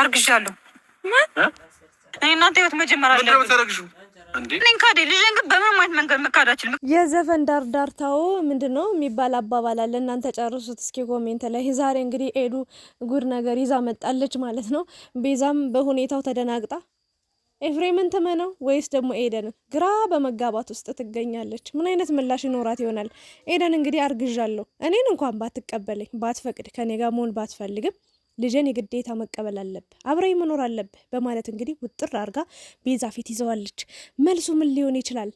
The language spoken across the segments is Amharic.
አርግዣለሁ። እናንተ ህይወት መጀመር የዘፈን ዳርዳርታው ምንድን ነው የሚባል አባባል አለ። እናንተ ጨርሱት እስኪ ኮሜንት ላይ። ዛሬ እንግዲህ ኤዱ ጉድ ነገር ይዛ መጣለች ማለት ነው። ቤዛም በሁኔታው ተደናግጣ ኤፍሬምን ትመነው ወይስ ደግሞ ኤደን ግራ በመጋባት ውስጥ ትገኛለች። ምን አይነት ምላሽ ይኖራት ይሆናል? ኤደን እንግዲህ አርግዣለሁ እኔን እንኳን ባትቀበለኝ ባትፈቅድ ከኔ ጋር መሆን ባትፈልግም ልጄን የግዴታ መቀበል አለብህ፣ አብረኝ መኖር አለብህ በማለት እንግዲህ ውጥር አድርጋ ቤዛ ፊት ይዘዋለች። መልሱ ምን ሊሆን ይችላል?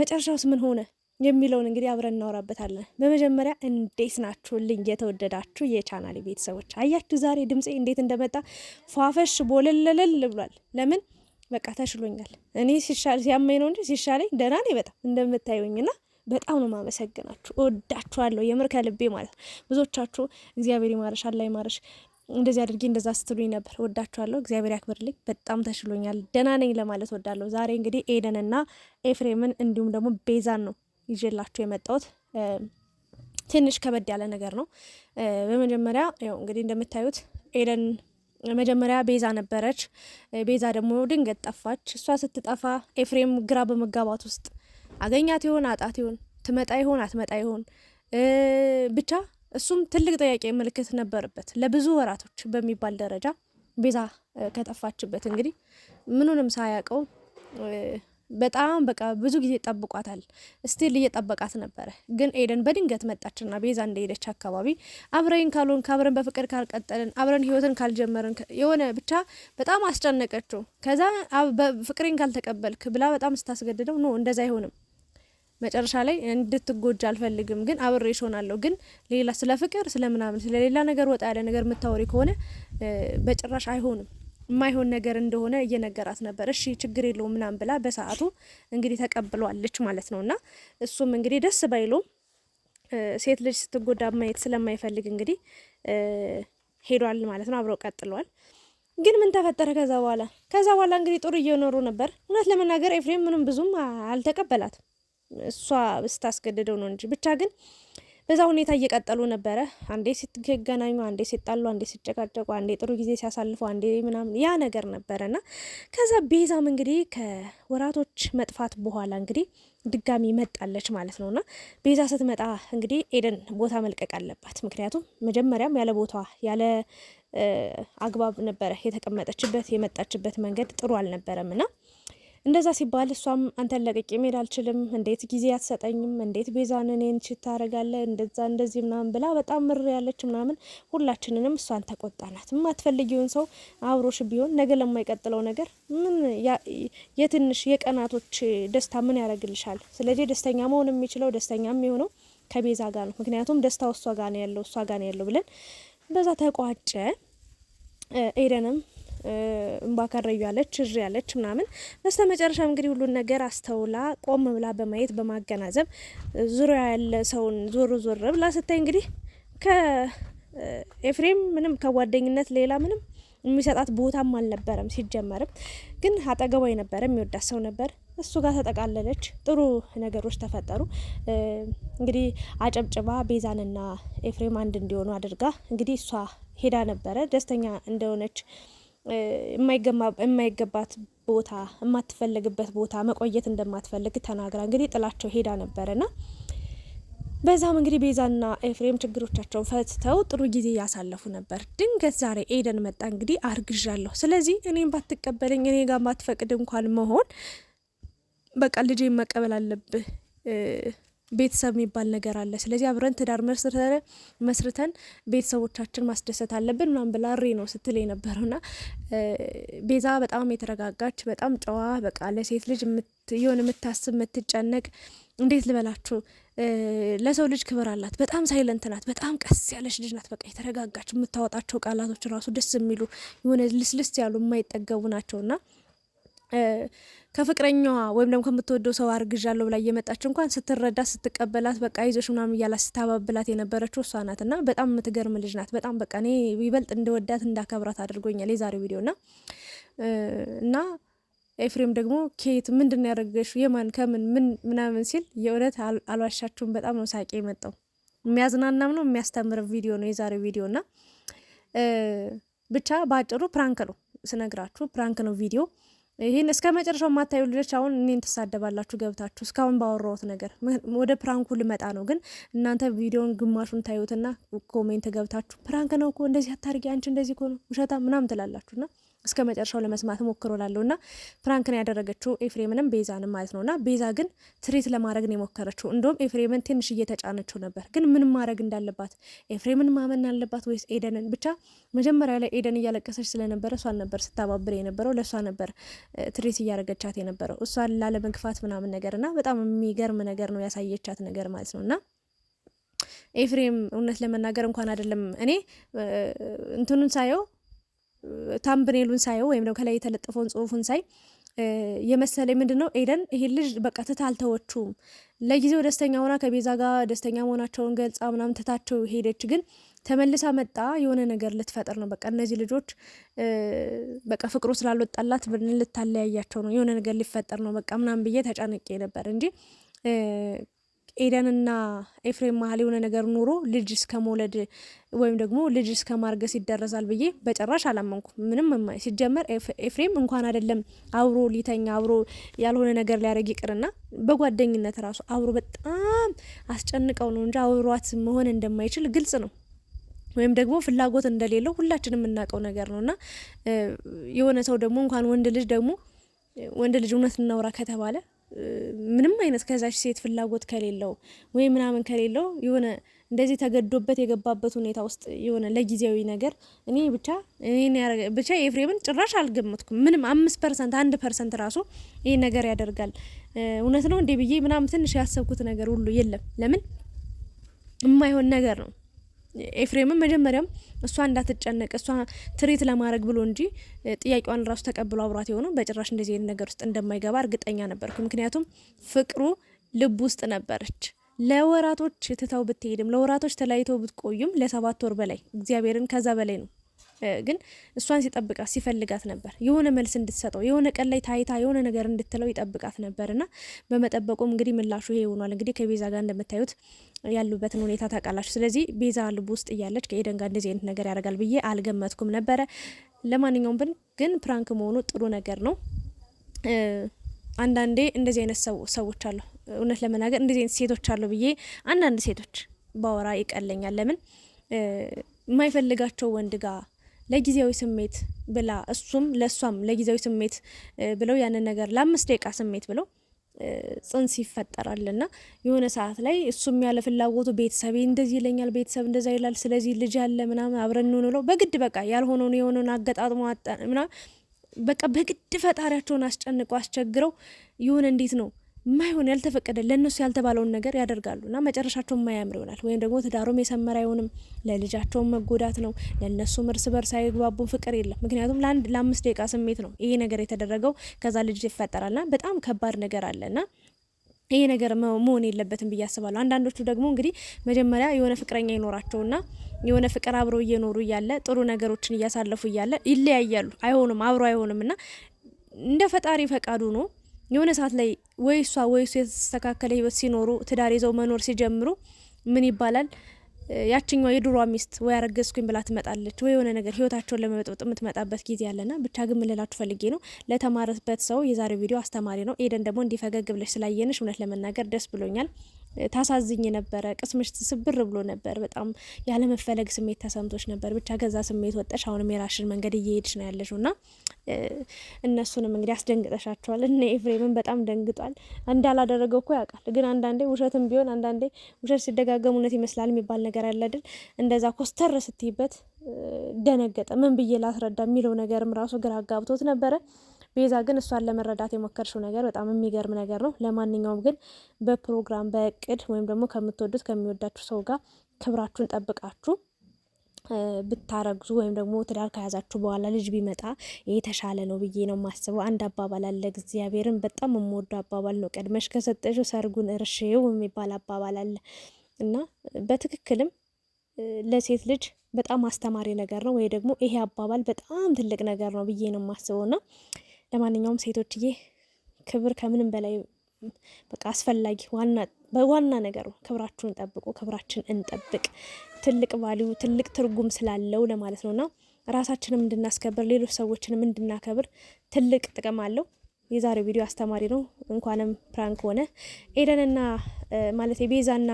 መጨረሻውስ ምን ሆነ የሚለውን እንግዲህ አብረን እናወራበታለን። በመጀመሪያ እንዴት ናችሁልኝ የተወደዳችሁ የቻናል ቤተሰቦች? አያችሁ ዛሬ ድምፄ እንዴት እንደመጣ ፏፈሽ ቦለለለል ብሏል። ለምን በቃ ተሽሎኛል። እኔ ሲሻል ሲያመኝ ነው እንጂ ሲሻለኝ ደህና ነኝ በጣም እንደምታዩኝና በጣም ነው ማመሰግናችሁ። እወዳችኋለሁ የምር ከልቤ ማለት ነው። ብዙዎቻችሁ እግዚአብሔር ይማረሽ፣ አላ ይማረሽ፣ እንደዚህ አድርጌ እንደዛ ስትሉኝ ነበር። ወዳችኋለሁ፣ እግዚአብሔር ያክብርልኝ። በጣም ተሽሎኛል። ደህና ነኝ ለማለት ወዳለሁ። ዛሬ እንግዲህ ኤደንና ኤፍሬምን እንዲሁም ደግሞ ቤዛን ነው ይዤላችሁ የመጣሁት። ትንሽ ከበድ ያለ ነገር ነው። በመጀመሪያ ያው እንግዲህ እንደምታዩት ኤደን መጀመሪያ ቤዛ ነበረች። ቤዛ ደግሞ ድንገት ጠፋች። እሷ ስትጠፋ ኤፍሬም ግራ በመጋባት ውስጥ አገኛት ይሆን አጣት ይሆን ትመጣ ይሆን አትመጣ ይሆን ብቻ እሱም ትልቅ ጥያቄ ምልክት ነበርበት ለብዙ ወራቶች በሚባል ደረጃ ቤዛ ከጠፋችበት እንግዲህ ምኑንም ሳያውቀው በጣም በቃ ብዙ ጊዜ ጠብቋታል። ስቲል እየጠበቃት ነበረ። ግን ኤደን በድንገት መጣችና ቤዛ እንደሄደች አካባቢ አብረን ካልሆን አብረን በፍቅር ካልቀጠልን አብረን ህይወትን ካልጀመርን የሆነ ብቻ በጣም አስጨነቀችው። ከዛ ፍቅሬን ካልተቀበልክ ብላ በጣም ስታስገድደው ኖ እንደዛ አይሆንም መጨረሻ ላይ እንድትጎጅ አልፈልግም፣ ግን አብሬሽ ሆናለሁ። ግን ሌላ ስለ ፍቅር ስለ ምናምን ስለ ሌላ ነገር ወጣ ያለ ነገር የምታወሪ ከሆነ በጭራሽ አይሆንም የማይሆን ነገር እንደሆነ እየነገራት ነበር። እሺ ችግር የለውም ምናምን ብላ በሰዓቱ እንግዲህ ተቀብሏለች ማለት ነው። እና እሱም እንግዲህ ደስ ባይለውም ሴት ልጅ ስትጎዳ ማየት ስለማይፈልግ እንግዲህ ሄዷል ማለት ነው። አብረው ቀጥሏል። ግን ምን ተፈጠረ ከዛ በኋላ? ከዛ በኋላ እንግዲህ ጥሩ እየኖሩ ነበር። እውነት ለመናገር ኤፍሬም ምንም ብዙም አልተቀበላትም። እሷ ስታስገድደው ነው እንጂ ብቻ ግን በዛ ሁኔታ እየቀጠሉ ነበረ። አንዴ ሲገናኙ፣ አንዴ ሲጣሉ፣ አንዴ ሲጨቃጨቁ፣ አንዴ ጥሩ ጊዜ ሲያሳልፉ፣ አንዴ ምናምን ያ ነገር ነበረ እና ከዛ ቤዛም እንግዲህ ከወራቶች መጥፋት በኋላ እንግዲህ ድጋሚ መጣለች ማለት ነውና ቤዛ ስትመጣ እንግዲህ ኤደን ቦታ መልቀቅ አለባት። ምክንያቱም መጀመሪያም ያለ ቦታ ያለ አግባብ ነበረ የተቀመጠችበት የመጣችበት መንገድ ጥሩ አልነበረምና እንደዛ ሲባል እሷም አንተን ለቅቄ መሄድ አልችልም፣ እንዴት ጊዜ አትሰጠኝም፣ እንዴት ቤዛን እኔን ታረጋለህ፣ እንደዛ እንደዚህ ምናምን ብላ በጣም ምር ያለች ምናምን። ሁላችንንም እሷን ተቆጣናት። የማትፈልጊውን ሰው አብሮሽ ቢሆን ነገ ለማይቀጥለው ነገር ምን የትንሽ የቀናቶች ደስታ ምን ያደርግልሻል? ስለዚህ ደስተኛ መሆን የሚችለው ደስተኛ የሚሆነው ከቤዛ ጋር ነው። ምክንያቱም ደስታው እሷ ጋር ነው ያለው እሷ ጋር ነው ያለው ብለን በዛ ተቋጨ። ኤደንም እንባከረዩ ያለች እሪ ያለች ምናምን። በስተ እንግዲህ ሁሉን ነገር አስተውላ ቆም ብላ በማየት በማገናዘብ ዙሪያ ያለ ሰውን ዞር ዞር ብላ ስታይ እንግዲህ ከኤፍሬም ምንም ከጓደኝነት ሌላ ምንም የሚሰጣት ቦታም አልነበረም። ሲጀመርም ግን አጠገቧ የነበረ የሚወዳት ሰው ነበር። እሱ ጋር ተጠቃለለች። ጥሩ ነገሮች ተፈጠሩ። እንግዲህ አጨብጭባ ቤዛንና ኤፍሬም አንድ እንዲሆኑ አድርጋ እንግዲህ እሷ ሄዳ ነበረ ደስተኛ እንደሆነች የማይገባት ቦታ የማትፈለግበት ቦታ መቆየት እንደማትፈልግ ተናግራ እንግዲህ ጥላቸው ሄዳ ነበረና በዛም እንግዲህ ቤዛና ኤፍሬም ችግሮቻቸውን ፈትተው ጥሩ ጊዜ እያሳለፉ ነበር። ድንገት ዛሬ ኤደን መጣ። እንግዲህ አርግዣለሁ፣ ስለዚህ እኔም ባትቀበለኝ እኔ ጋር ባትፈቅድ እንኳን መሆን በቃ ልጅ መቀበል አለብህ ቤተሰብ የሚባል ነገር አለ። ስለዚህ አብረን ትዳር መስርተን ቤተሰቦቻችን ማስደሰት አለብን ምናምን ብላ ሬ ነው ስትል የነበረውና ቤዛ በጣም የተረጋጋች በጣም ጨዋ በቃ ለሴት ልጅ የሆነ የምታስብ የምትጨነቅ እንዴት ልበላችሁ ለሰው ልጅ ክብር አላት። በጣም ሳይለንት ናት። በጣም ቀስ ያለች ልጅ ናት። በቃ የተረጋጋች የምታወጣቸው ቃላቶች ራሱ ደስ የሚሉ የሆነ ልስልስ ያሉ የማይጠገቡ ናቸውና ከፍቅረኛዋ ወይም ደግሞ ከምትወደው ሰው አርግዣለሁ ብላ እየመጣች እንኳን ስትረዳ ስትቀበላት በቃ ይዞሽ ምናምን እያላት ስታባብላት የነበረችው እሷ ናት። እና በጣም የምትገርም ልጅ ናት። በጣም በቃ እኔ ይበልጥ እንደወዳት እንዳከብራት አድርጎኛል የዛሬው ቪዲዮ ና እና ኤፍሬም ደግሞ ኬት ምንድን ያደረገሽ የማን ከምን ምን ምናምን ሲል የእውነት አልዋሻችሁም በጣም ነው ሳቄ የመጣው። የሚያዝናናም ነው የሚያስተምር ቪዲዮ ነው የዛሬው ቪዲዮ እና ብቻ በአጭሩ ፕራንክ ነው ስነግራችሁ ፕራንክ ነው ቪዲዮ ይህን እስከ መጨረሻው የማታዩ ልጆች አሁን እኔን ትሳደባላችሁ ገብታችሁ እስካሁን ባወራሁት ነገር። ወደ ፕራንኩ ልመጣ ነው፣ ግን እናንተ ቪዲዮን ግማሹን ታዩትና ኮሜንት ገብታችሁ ፕራንክ ነው እኮ እንደዚህ አታርጊ አንቺ እንደዚህ እኮ ነው ውሸታ ምናምን ትላላችሁና እስከ መጨረሻው ለመስማት ሞክሮ ላለው ና ፍራንክን ያደረገችው ኤፍሬምንም ቤዛንም ማለት ነው ና ቤዛ ግን ትሪት ለማድረግ ነው የሞከረችው። እንደውም ኤፍሬምን ትንሽ እየተጫነችው ነበር። ግን ምን ማድረግ እንዳለባት ኤፍሬምን ማመን አለባት ወይስ ኤደንን? ብቻ መጀመሪያ ላይ ኤደን እያለቀሰች ስለነበረ እሷን ነበር ስታባብር የነበረው፣ ለእሷ ነበር ትሪት እያደረገቻት የነበረው እሷን ላለመግፋት ምናምን ነገር ና በጣም የሚገርም ነገር ነው ያሳየቻት ነገር ማለት ነው እና ኤፍሬም እውነት ለመናገር እንኳን አይደለም እኔ እንትኑን ሳየው ታምብኔሉን ሳየው ወይም ደግሞ ከላይ የተለጠፈውን ጽሁፉን ሳይ የመሰለኝ ምንድን ነው ኤደን ይሄ ልጅ በቃ ትታ አልተወችውም። ለጊዜው ደስተኛ ሆና ከቤዛ ጋር ደስተኛ መሆናቸውን ገልጻ ምናምን ትታቸው ሄደች። ግን ተመልሳ መጣ የሆነ ነገር ልትፈጥር ነው። በቃ እነዚህ ልጆች በቃ ፍቅሩ ስላልወጣላት ልታለያያቸው ነው፣ የሆነ ነገር ሊፈጠር ነው በቃ ምናምን ብዬ ተጨንቄ ነበር እንጂ ኤደንና ኤፍሬም መሀል የሆነ ነገር ኑሮ ልጅ እስከ መውለድ ወይም ደግሞ ልጅ እስከ ማርገስ ይደረሳል ብዬ በጭራሽ አላመንኩ ምንም ሲጀመር ኤፍሬም እንኳን አይደለም አብሮ ሊተኛ አብሮ ያልሆነ ነገር ሊያደርግ ይቅርና በጓደኝነት ራሱ አብሮ በጣም አስጨንቀው ነው እንጂ አብሯት መሆን እንደማይችል ግልጽ ነው ወይም ደግሞ ፍላጎት እንደሌለው ሁላችን የምናውቀው ነገር ነው እና የሆነ ሰው ደግሞ እንኳን ወንድ ልጅ ደግሞ ወንድ ልጅ እውነት እናውራ ከተባለ ምንም አይነት ከዛች ሴት ፍላጎት ከሌለው ወይም ምናምን ከሌለው የሆነ እንደዚህ ተገዶበት የገባበት ሁኔታ ውስጥ የሆነ ለጊዜያዊ ነገር እኔ ብቻ እኔን ያረገ ብቻ ኤፍሬምን ጭራሽ አልገመትኩም። ምንም አምስት ፐርሰንት አንድ ፐርሰንት ራሱ ይህ ነገር ያደርጋል እውነት ነው እንዴ ብዬ ምናምን ትንሽ ያሰብኩት ነገር ሁሉ የለም። ለምን የማይሆን ነገር ነው ኤፍሬም መጀመሪያም እሷ እንዳትጨነቅ እሷ ትሬት ለማድረግ ብሎ እንጂ ጥያቄዋን ራሱ ተቀብሎ አብሯት የሆነው በጭራሽ እንደዚህ አይነት ነገር ውስጥ እንደማይገባ እርግጠኛ ነበርኩ። ምክንያቱም ፍቅሩ ልብ ውስጥ ነበረች። ለወራቶች ትተው ብትሄድም ለወራቶች ተለያይተው ብትቆዩም ለሰባት ወር በላይ እግዚአብሔርን ከዛ በላይ ነው ግን እሷን ሲጠብቃት ሲፈልጋት ነበር። የሆነ መልስ እንድትሰጠው የሆነ ቀን ላይ ታይታ የሆነ ነገር እንድትለው ይጠብቃት ነበር እና በመጠበቁም እንግዲህ ምላሹ ይሄ ሆኗል። እንግዲህ ከቤዛ ጋር እንደምታዩት ያሉበትን ሁኔታ ታውቃላችሁ። ስለዚህ ቤዛ ልቡ ውስጥ እያለች ከኤደን ጋር እንደዚህ አይነት ነገር ያደርጋል ብዬ አልገመትኩም ነበረ። ለማንኛውም ብን ግን ፕራንክ መሆኑ ጥሩ ነገር ነው። አንዳንዴ እንደዚህ አይነት ሰዎች አሉ፣ እውነት ለመናገር እንደዚህ አይነት ሴቶች አሉ ብዬ አንዳንድ ሴቶች ባወራ ይቀለኛል። ለምን የማይፈልጋቸው ወንድ ጋር ለጊዜያዊ ስሜት ብላ እሱም ለእሷም ለጊዜያዊ ስሜት ብለው ያንን ነገር ለአምስት ደቂቃ ስሜት ብለው ጽንስ ይፈጠራል እና የሆነ ሰዓት ላይ እሱም ያለ ፍላጎቱ ቤተሰቤ እንደዚህ ይለኛል፣ ቤተሰብ እንደዛ ይላል፣ ስለዚህ ልጅ አለ ምናምን አብረን እንሆን ብለው በግድ በቃ ያልሆነውን የሆነውን አገጣጥሞ ምናምን በቃ በግድ ፈጣሪያቸውን አስጨንቀው አስቸግረው የሆነ እንዴት ነው ማይሆን ያልተፈቀደ ለእነሱ ያልተባለውን ነገር ያደርጋሉ እና መጨረሻቸው ማያምር ይሆናል። ወይም ደግሞ ትዳሩም የሰመረ አይሆንም። ለልጃቸውም መጎዳት ነው። ለእነሱም እርስ በርስ አይግባቡን፣ ፍቅር የለም። ምክንያቱም ለአንድ ለአምስት ደቂቃ ስሜት ነው ይሄ ነገር የተደረገው። ከዛ ልጅ ይፈጠራልና በጣም ከባድ ነገር አለና ይሄ ነገር መሆን የለበትም ብዬ አስባለሁ። አንዳንዶቹ ደግሞ እንግዲህ መጀመሪያ የሆነ ፍቅረኛ ይኖራቸውና የሆነ ፍቅር አብሮ እየኖሩ እያለ ጥሩ ነገሮችን እያሳለፉ እያለ ይለያያሉ። አይሆንም፣ አብሮ አይሆንም እና እንደ ፈጣሪ ፈቃዱ ነው የሆነ ሰዓት ላይ ወይ እሷ ወይ እሱ የተስተካከለ ህይወት ሲኖሩ ትዳር ይዘው መኖር ሲጀምሩ ምን ይባላል? ያችኛው የድሮ ሚስት ወይ አረገዝኩኝ ብላ ትመጣለች፣ ወይ የሆነ ነገር ህይወታቸውን ለመበጥበጥ የምትመጣበት ጊዜ ያለና ብቻ ግን ምንላችሁ ፈልጌ ነው ለተማረበት ሰው የዛሬው ቪዲዮ አስተማሪ ነው። ኤደን ደግሞ እንዲፈገግ ብለሽ ስላየንሽ እውነት ለመናገር ደስ ብሎኛል። ታሳዝኝ ነበረ። ቅስምሽ ስብር ብሎ ነበር። በጣም ያለመፈለግ ስሜት ተሰምቶች ነበር። ብቻ ከዛ ስሜት ወጠሽ አሁንም የራሽን መንገድ እየሄድሽ ነው ያለሽው እና እነሱንም እንግዲህ አስደንግጠሻቸዋል። እነ ኤፍሬምን በጣም ደንግጧል። እንዳላደረገው እኮ ያውቃል። ግን አንዳንዴ ውሸትም ቢሆን አንዳንዴ ውሸት ሲደጋገም እውነት ይመስላል የሚባል ነገር አለ አይደል? እንደዛ ኮስተር ስትይበት ደነገጠ። ምን ብዬ ላስረዳ የሚለው ነገርም ራሱ ግራ አጋብቶት ነበረ። ቤዛ ግን እሷን ለመረዳት የሞከርሽው ነገር በጣም የሚገርም ነገር ነው። ለማንኛውም ግን በፕሮግራም በእቅድ ወይም ደግሞ ከምትወዱት ከሚወዳችሁ ሰው ጋር ክብራችሁን ጠብቃችሁ ብታረግዙ ወይም ደግሞ ትዳር ከያዛችሁ በኋላ ልጅ ቢመጣ የተሻለ ነው ብዬ ነው የማስበው። አንድ አባባል አለ፣ እግዚአብሔርን በጣም የምወዱ አባባል ነው። ቀድመሽ ከሰጠሽው ሰርጉን እርሽው የሚባል አባባል አለ እና በትክክልም ለሴት ልጅ በጣም አስተማሪ ነገር ነው ወይ ደግሞ ይሄ አባባል በጣም ትልቅ ነገር ነው ብዬ ነው የማስበው ና ለማንኛውም ሴቶችዬ ክብር ከምንም በላይ በቃ አስፈላጊ ዋና በዋና ነገሩ ክብራችሁን ጠብቁ። ክብራችን እንጠብቅ። ትልቅ ቫሊዩ ትልቅ ትርጉም ስላለው ለማለት ነውና ራሳችንም እንድናስከብር ሌሎች ሰዎችንም እንድናከብር ትልቅ ጥቅም አለው። የዛሬው ቪዲዮ አስተማሪ ነው። እንኳንም ፕራንክ ሆነ። ኤደንና ማለት ቤዛና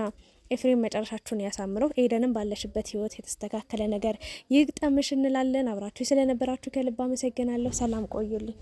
ኤፍሬም መጨረሻችሁን ያሳምረው። ኤደንም ባለሽበት ህይወት የተስተካከለ ነገር ይግጠምሽ እንላለን። አብራችሁ ስለነበራችሁ ከልብ አመሰግናለሁ። ሰላም ቆዩልኝ።